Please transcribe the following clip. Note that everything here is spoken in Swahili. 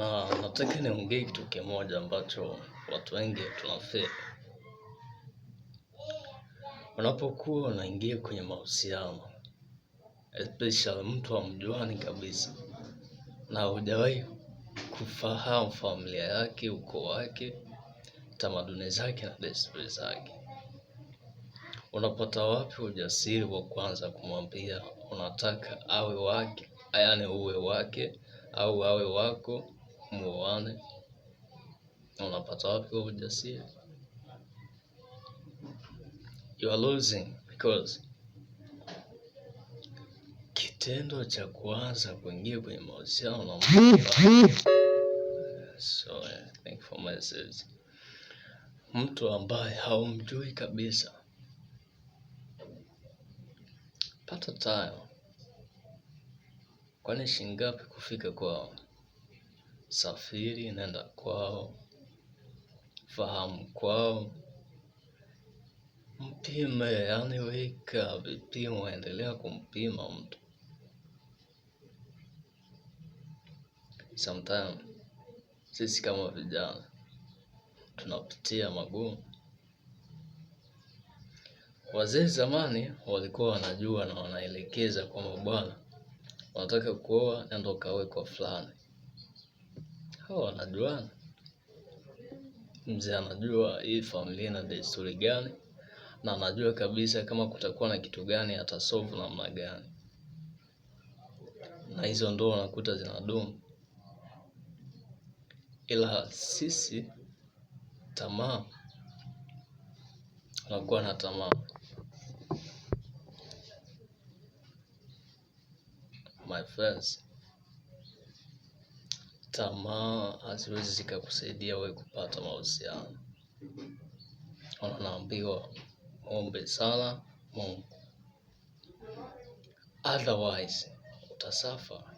Na nataka niongee kitu kimoja ambacho watu wengi tunafeli. Unapokuwa unaingia kwenye mahusiano especially mtu amjuani kabisa na hujawahi kufahamu familia yake, ukoo wake, tamaduni zake na desturi zake. Unapata wapi ujasiri wa kwanza kumwambia unataka awe wake, yaani uwe wake au awe wako Moana. lá para unapata wapi huo ujasiri? You are losing because kitendo cha kuanza kuingia kwenye mahusiano na mke So, I think for myself, mtu ambaye haumjui kabisa, pata time, kwani shingapi kufika kwao? Safiri nenda kwao, fahamu kwao, mpime, yani weka vipimo, endelea kumpima mtu. Sometime sisi kama vijana tunapitia magumu. Wazee zamani walikuwa wanajua na wanaelekeza kwamba bwana, unataka kuoa nenda ukaoe kwa fulani. Hawa oh, wanajuana, mzee anajua hii familia ina desturi gani, na anajua kabisa kama kutakuwa na kitu gani atasolve namna gani, na hizo ndo unakuta zinadumu. Ila sisi tamaa, unakuwa na tamaa my friends tamaa haziwezi zikakusaidia wewe kupata mahusiano. Unaambiwa ombe sana Mungu. Otherwise, utasafa.